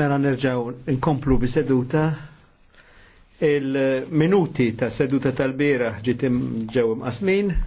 Mela nerġaw inkomplu bi-seduta. Il-minuti ta' seduta tal-bira ġitim ġew imqasmin.